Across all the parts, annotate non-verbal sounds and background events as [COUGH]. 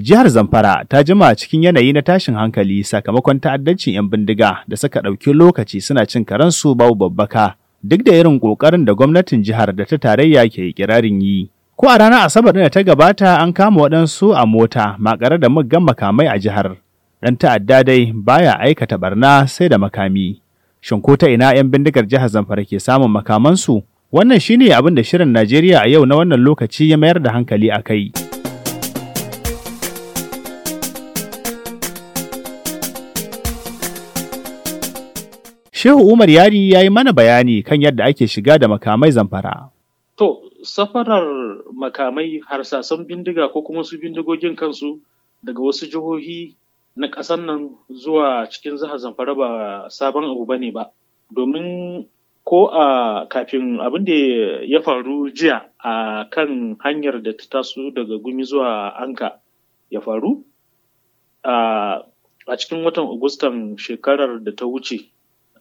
Jihar Zamfara ta jima cikin yanayi na tashin hankali sakamakon ta'addancin 'yan bindiga da suka ɗauki lokaci suna cin karensu babu babbaka duk da irin ƙoƙarin da gwamnatin jihar da ta tarayya ke kirarin yi. Ko a ranar Asabar da ta gabata an kama waɗansu a mota makare da muggan makamai a jihar. Ɗan ta'adda dai baya aikata barna sai da makami. Shin ko ta ina 'yan bindigar jihar Zamfara ke samun makamansu? Wannan shine abin da shirin Najeriya a yau na wannan lokaci ya mayar da hankali a kai. Shehu Umar Yari ya yi mana bayani kan yadda ake shiga da makamai zamfara. To, safarar makamai harsasan bindiga ko kuma su bindigogin kansu daga wasu jihohi na ƙasar nan zuwa cikin zaha zamfara ba sabon abu ba ne ba. Domin ko a kafin abin da ya faru jiya a kan hanyar da ta taso daga gumi zuwa anka ya faru a cikin watan agustan shekarar da ta wuce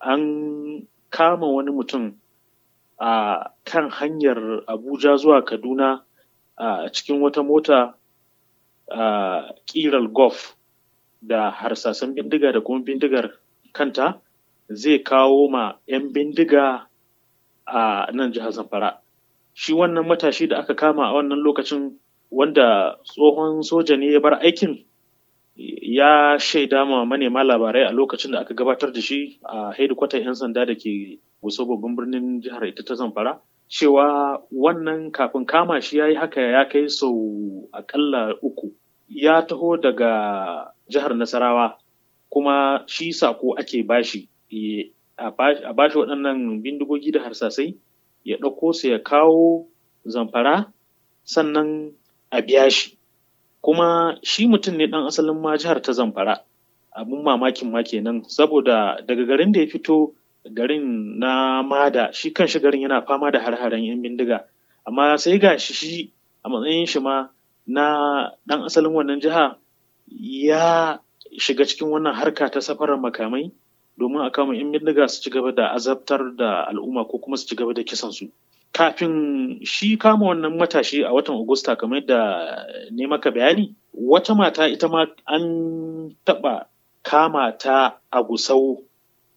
an kama wani mutum a kan hanyar abuja zuwa kaduna a cikin wata mota a kiral golf da harsasan bindiga da kuma bindigar kanta zai kawo ma 'yan bindiga a nan jihar zamfara shi wannan matashi da aka kama a wannan lokacin wanda tsohon soja ne ya bar aikin ya shaida ma manema labarai a lokacin da aka gabatar da shi a hedikwatar 'yan sanda da ke wasu babban birnin jihar ita ta zamfara cewa wannan kafin kama shi ya yi haka ya kai sau akalla uku ya taho daga jihar nasarawa kuma shi sako ake bashi a bashi waɗannan bindigogi da harsasai ya ɗauko su ya kawo zamfara sannan a biya shi kuma shi mutum ne ɗan asalin ma jihar ta zamfara abin mamakin ma kenan saboda daga garin da ya fito garin na mada shi kan shi garin yana fama da harharen 'yan bindiga amma sai ga shi shi a matsayin shi ma na ɗan asalin wannan jiha ya shiga cikin wannan harka ta safarar makamai domin a kama 'yan bindiga su ci gaba da azabtar da al'umma ko kuma su ci gaba da kisan su. kafin shi kama wannan matashi a watan Agusta kamar da ne maka bayani, wata mata ita ma an taɓa kama ta a gusau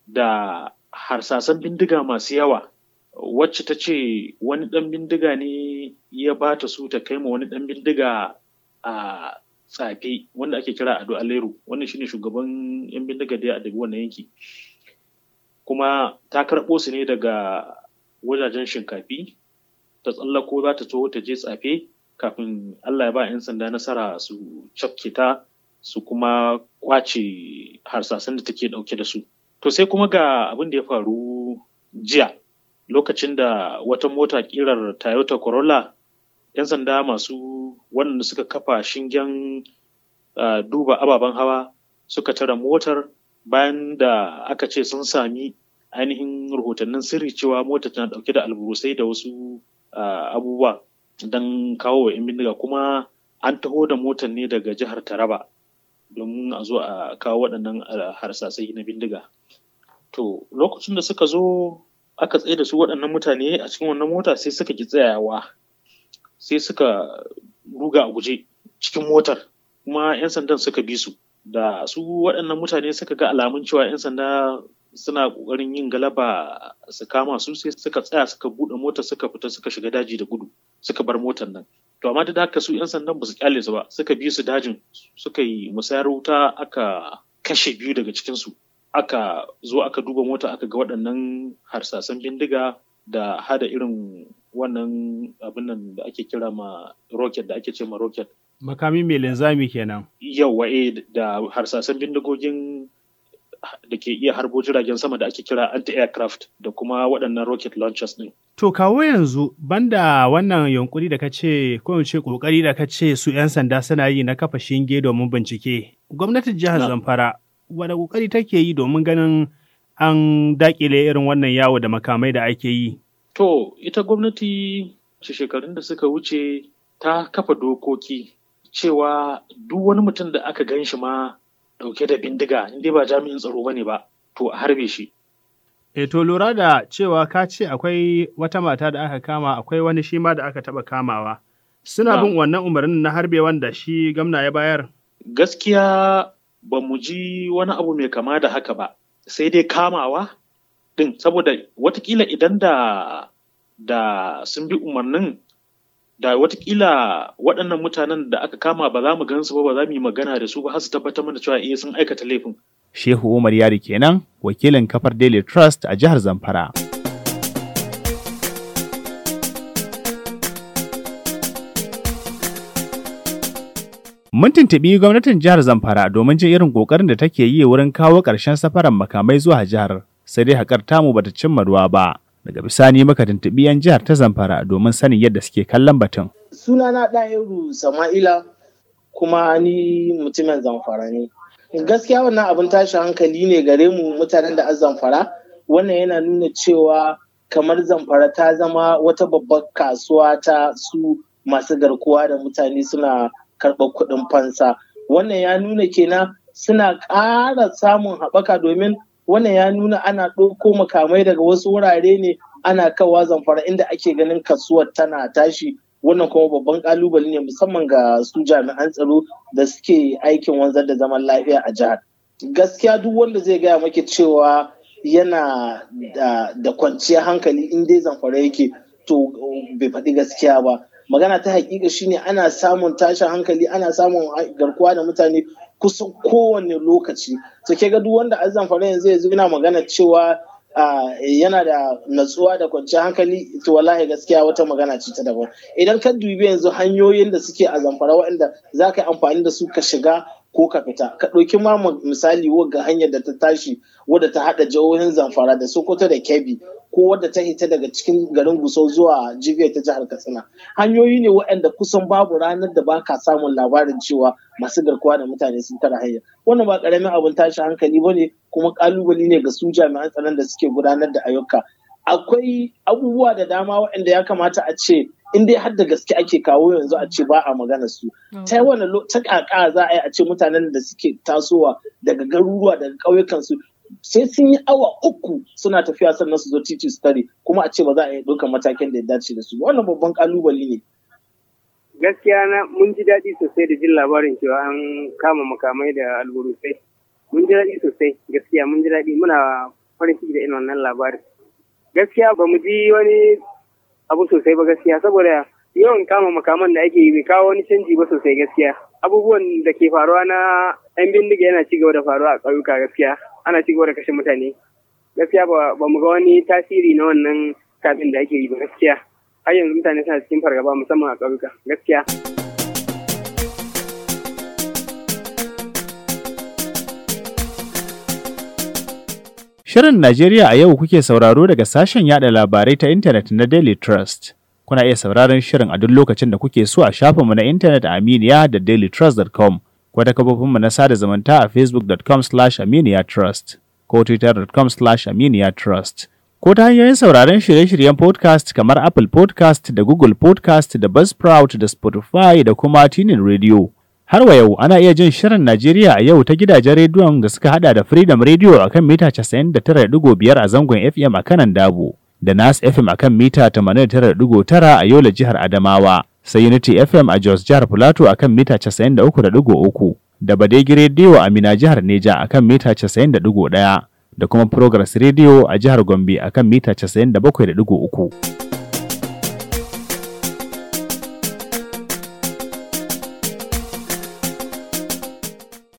da harsasan bindiga masu yawa. Wacce ta ce wani ɗan bindiga ne ya ba ta su ta kai ma wani ɗan bindiga a tsafe wanda ake kira Ado Aleru, wannan shine shugaban 'yan bindiga da ya adabi wannan yanki. Kuma ta karɓo su ne daga wajajen shinkafi ta tsallako za ta taho ta je tsafe kafin Allah ya ba 'yan sanda nasara su cafke ta su kuma kwace harsasan da take dauke da su. To sai kuma ga abin da ya faru jiya lokacin da wata mota kirar Toyota Corolla 'yan sanda masu wanda suka kafa shingen duba ababen hawa suka tara motar bayan da aka ce sun sami ainihin rahotannin sirri cewa mota tana dauke da alburusai da wasu abubuwa don kawo wa 'yan bindiga kuma an taho da motar ne daga jihar taraba domin a zo a kawo waɗannan harsasai na bindiga to lokacin da suka zo aka tsaye da su waɗannan mutane a cikin wannan mota sai suka ki tsayawa sai suka ruga a guje cikin motar kuma 'yan sandan suka bi su da su waɗannan mutane suka ga alamun cewa 'yan sanda suna ƙoƙarin yin galaba su kama su sai suka tsaya suka buɗe mota suka fita suka shiga daji da gudu suka bar motar nan to amma da haka su 'yan sandan ba su kyale su ba suka bi su dajin suka yi musayar wuta aka kashe biyu daga cikinsu aka zo aka duba mota aka ga waɗannan harsasan bindiga da hada irin wannan abin nan da ake kira ma rocket da ake ce ma rocket makami mai linzami kenan yawa eh da harsasan bindigogin da ke iya harbo jiragen sama da ake kira anti-aircraft da kuma waɗannan rocket launchers ɗin. To kawo yanzu banda wannan yunkuri da ka ce ko ce kokari da ka ce su 'yan sanda suna yi na kafa shinge domin bincike. Gwamnatin jihar Zamfara wani kokari take yi domin ganin an dakile irin wannan yawo da makamai da ake yi. To ita gwamnati shekarun da suka wuce ta kafa dokoki cewa duk wani mutum da aka gan shi ma Dauke da bindiga in dai ba jami'in tsaro ba ne ba to a harbe shi. E to lura da cewa ka ce akwai wata mata da aka kama akwai wani shi ma da aka taba kamawa. Suna bin wannan umarnin na harbe wanda shi gamna ya bayar? Gaskiya ba mu ji wani abu mai kama da haka ba, sai dai kamawa din. saboda watakila idan da da sun bi umarnin da watakila waɗannan mutanen da aka kama ba za mu gansu ba ba za mu yi magana da su ba har su tabbatar mana cewa iya eh, sun aikata laifin. Shehu Umar Yari kenan wakilin kafar Daily Trust a jihar Zamfara. Mun tuntuɓi gwamnatin jihar Zamfara domin jin irin ƙoƙarin da take yi wurin kawo ƙarshen safaran makamai zuwa jihar, sai dai haƙar tamu bata cimma ruwa ba. Daga bisani maka tuntuɓi 'yan jihar ta Zamfara domin sanin yadda suke kallon batun. Sunana Ɗahiru Sama'ila kuma ni mutumin Zamfara ne. Gaskiya wannan abin tashin hankali ne gare mu mutanen da Zamfara. Wannan yana nuna cewa kamar Zamfara ta zama wata babbar kasuwa ta su masu garkuwa da mutane suna karɓar kuɗin fansa. Wannan ya nuna kenan suna ƙara samun haɓaka domin wannan ya nuna ana ɗauko makamai daga wasu wurare ne ana kawa zamfara inda ake ganin kasuwar tana tashi wannan kuma babban kalubale ne musamman ga su jami'an tsaro da suke aikin wanzar da zaman lafiya a jihar gaskiya duk wanda zai gaya maki cewa yana da kwanciyar hankali in dai zamfara yake to bai faɗi gaskiya ba magana ta hakika shine ana samun tashin hankali ana samun garkuwa da mutane kusan kowane lokaci sake ke ga duk wanda azan fara yanzu yanzu yana magana cewa yana da natsuwa da kwanciyar hankali to wallahi gaskiya wata magana ce ta daban idan ka dubi yanzu hanyoyin da suke a zamfara waɗanda za ka yi amfani da su ka shiga ko ka fita ka ɗauki ma misali ga hanyar da ta tashi wadda ta haɗa jihohin zamfara da sokoto da kebbi ko wadda ta hita daga cikin garin gusau zuwa jibiya ta jihar katsina hanyoyi ne waɗanda kusan babu ranar da baka samun labarin cewa masu garkuwa da mutane sun tara hanya wannan ba ƙaramin abin tashi hankali ba ne kuma ƙalubale ne ga su jami'an tsaron da suke gudanar da ayyuka akwai abubuwa da dama waɗanda ya kamata a ce in dai har da gaske ake kawo yanzu a ce ba a magana su mm. ta yi wani ta kaka za a yi a ce mutanen da suke tasowa daga garuruwa daga ƙauyukan su sai sun yi awa uku suna tafiya sannan su zo titi su tare kuma a ce ba za a yi ɗaukar matakin da ya dace da su wannan babban kalubale ne gaskiya na mun ji daɗi sosai da jin labarin cewa an kama makamai da alburusai mun ji daɗi sosai gaskiya mun ji daɗi muna farin ciki da irin wannan labarin gaskiya ba mu ji wani abu sosai ba gaskiya saboda yawan kama makaman da ake yi bai kawo wani canji ba sosai gaskiya abubuwan da ke faruwa na yan bindiga yana ci gaba da faruwa a ƙauyuka gaskiya ana ci gaba da kashe mutane gaskiya ba mu ga wani tasiri na wannan kafin da ake yi ba gaskiya har yanzu mutane suna cikin fargaba musamman a ƙauyuka gaskiya. Shirin Najeriya a yau kuke sauraro daga sashen yada labarai ta intanet na Daily Trust. Kuna iya sauraron shirin a duk lokacin da kuke so a shafinmu na intanet a Aminiya da dailytrust.com ko ta kafofinmu na sada zumunta a facebook.com slash aminiyatrust ko twitter.com slash aminiyatrust ko ta hanyoyin sauraron shirye-shiryen podcast kamar Apple podcast da Google podcast da Buzzsprout da Spotify da kuma Tinin Radio. Har wa yau ana iya jin shirin Najeriya a yau ta gidajen rediyon da suka hada da Freedom Radio a kan mita 99.5 a zangon FM a kanan Dabo, da Nas FM a kan mita 89.9 a Yola jihar Adamawa, sai Unity FM a Jos jihar Plateau a kan mita 93.3, da Badegi Radio a Mina jihar Neja a kan mita 91, da kuma Progress Radio a jihar Gombe a kan mita 97.3.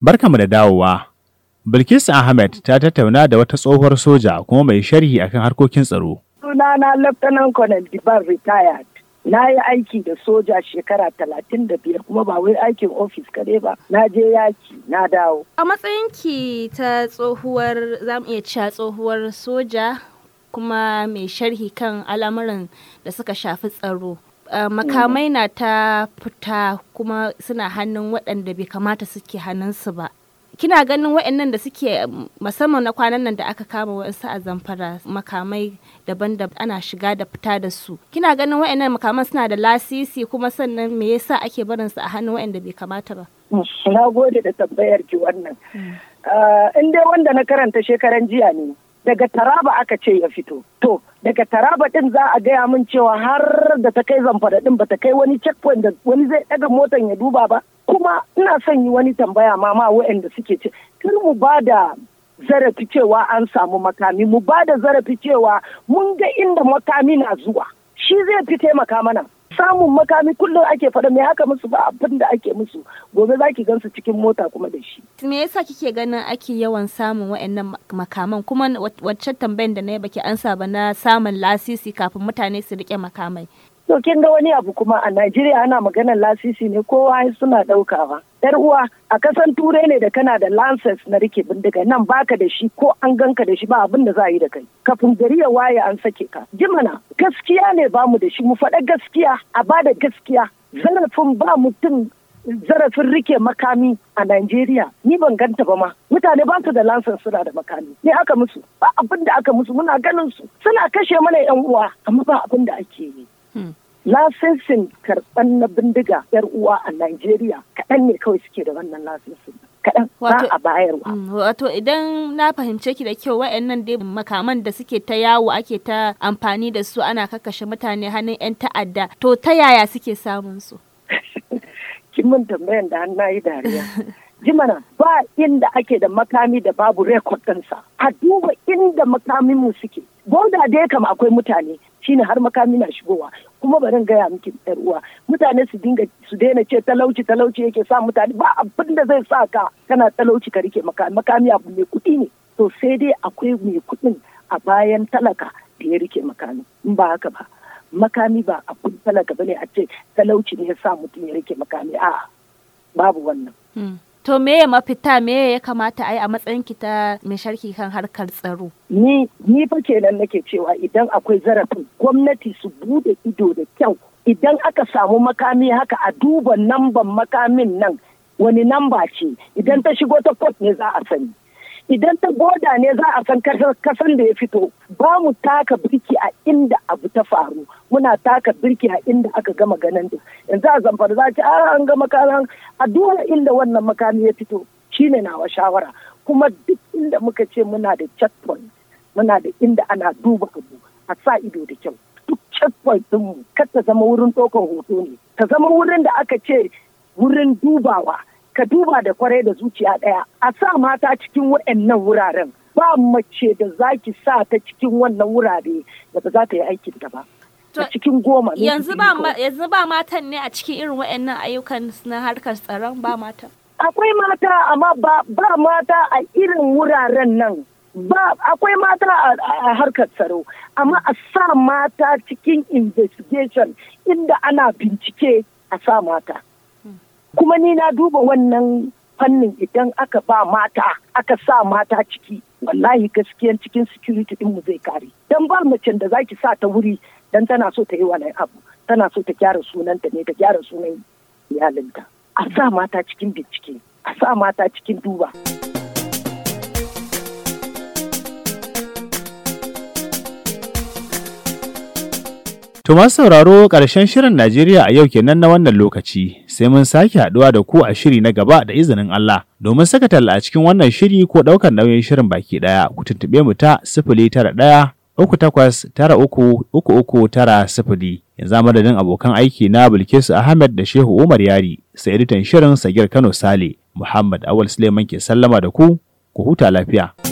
mu da dawowa. Bilkisu Ahmed ta tattauna da wata tsohuwar soja kuma mai sharhi akan harkokin tsaro. Sunana Laftanan Colonel Dibar retired. Na yi aiki da soja shekara talatin da biyar kuma ba wai aikin ofis kare ba. Na je yaki na dawo. A matsayinki ta tsohuwar zamu iya cewa tsohuwar soja kuma mai sharhi kan al'amuran da suka shafi tsaro. Eh, makamai na ta fita kuma suna hannun waɗanda bai kamata suke hannunsu ba kina ganin waɗannan da suke musamman na kwanan nan da aka kama waɗansu a zamfara makamai daban da ana shiga da fita da su kina ganin waɗannan makaman suna da lasisi kuma sannan me yasa ake barin su a hannun waɗanda bai kamata ba na gode da tambayar ki wannan hmm. eh, in dai wanda na karanta shekaran jiya ne daga taraba aka ce ya fito to daga taraba ɗin za a gaya min cewa har da ta kai zamfara ɗin, ba ta kai wani checkpoint da wani zai ɗaga motan ya duba ba kuma ina son yi wani tambaya ma ma waɗanda suke ce kar mu ba da zarafi cewa an samu makami mu ba da zarafi cewa mun ga inda makami na zuwa shi zai fi taimaka mana samun makami kullum ake faɗa me haka musu ba abin da ake musu gobe za ki gansu cikin mota kuma da shi. me yasa kike ganin ake yawan samun wa'annan makaman kuma wacce tambayan da na yi baki ansa ba na samun lasisi kafin mutane su rike makamai. to kin ga wani abu kuma a najeriya ana maganar lasisi ne kowa suna ɗaukawa. yar uwa a kasan turai ne da kana da lances na rike bindiga nan baka da shi ko an ganka da shi ba abin da za a yi da kai kafin gari ya waye an sake ka jimana gaskiya ne ba mu da shi mu faɗa gaskiya a ba da gaskiya zarafin ba mutum zarafin rike makami a Najeriya ni ban ganta ba ma mutane ba su da lansan suna da makami ne aka musu ba abin da aka musu muna ganin su suna kashe mana yan uwa amma ba abin da ake yi hmm. Lasisin karɓar na bindiga 'yar uwa a Najeriya kaɗan ne kawai suke da wannan lasisin. kaɗan ba a bayarwa. Mm, wato idan na fahimce ki da kyau wa'annan dai makaman da suke ta yawo ake ta amfani da su ana kakkashe mutane hannun 'yan ta'adda to ta yaya suke samun su? [LAUGHS] Kin mun tambayan da na yi dariya. [LAUGHS] Jimana ba inda ake da makami da babu rekod ɗinsa. A duba inda makamin mu suke. Boda dai kam akwai mutane shine har makami na shigowa kuma barin gaya miki yar uwa mutane su dinga su daina ce talauci talauci yake sa mutane ba abin da zai sa ka kana talauci ka rike makami makami abu mai kuɗi ne to sai dai akwai mai kuɗin a bayan talaka da ya rike makami in ba haka ba makami ba abin talaka bane a ce talauci ne ya sa mutum ya rike makami a'a babu wannan hmm. To me mafita me ya kamata a yi a matsayin ki ta mai sharki kan harkar tsaro? Ni ni fa kenan nake cewa idan akwai zarafin gwamnati su bude ido da kyau idan aka samu makami haka a duba namban makamin nan wani namba ce idan ta shigo ta kot ne za a sani. idan ta boda ne za a san kasan da ya fito ba mu taka birki a inda abu ta faru muna taka birki a inda aka gama ganin yanzu a zamfara za ci ah, an ga makaran a duba inda wannan makami ya fito shine nawa shawara kuma duk inda muka ce muna da checkpoint muna da inda ana duba abu a sa ido da kyau duk checkpoint ɗin kar ta zama wurin ɗaukar hoto ne ta zama wurin da aka ce wurin dubawa ka duba da kwarai da zuciya ɗaya a sa mata cikin waɗannan wuraren ba mace da za ki sa ta cikin wannan wurare da ba za ta yi aikin ta ba. A cikin goma ne. Yanzu ba matan ne a cikin irin waɗannan ayyukan na harkar tsaron ba mata. Akwai mata amma ba mata a irin wuraren nan. Ba akwai mata a harkar tsaro amma a sa mata cikin investigation inda ana bincike a sa mata. kuma ni na duba wannan fannin idan aka ba mata aka sa mata ciki wallahi gaskiyan cikin security dinmu zai kare dan ba macen da zaki sa ta wuri dan tana so ta yi wani abu tana so ta gyara sunanta ne ta gyara sunan iyalinta a sa mata cikin bincike a sa mata cikin duba. To masu sauraro ƙarshen shirin Najeriya a yau kenan na wannan lokaci sai mun sake haɗuwa da ku a shiri na gaba da izinin Allah. Domin saka talla a cikin wannan shiri ko ɗaukar nauyin shirin baki ɗaya ku tuntuɓe mu ta sifili tara ɗaya uku takwas tara uku uku sifili. Yanzu madadin abokan aiki na Bilkisu Ahmed da Shehu Umar Yari sai editan shirin Sagir Kano Sale Muhammad Awal Suleiman ke sallama da ku ku huta lafiya.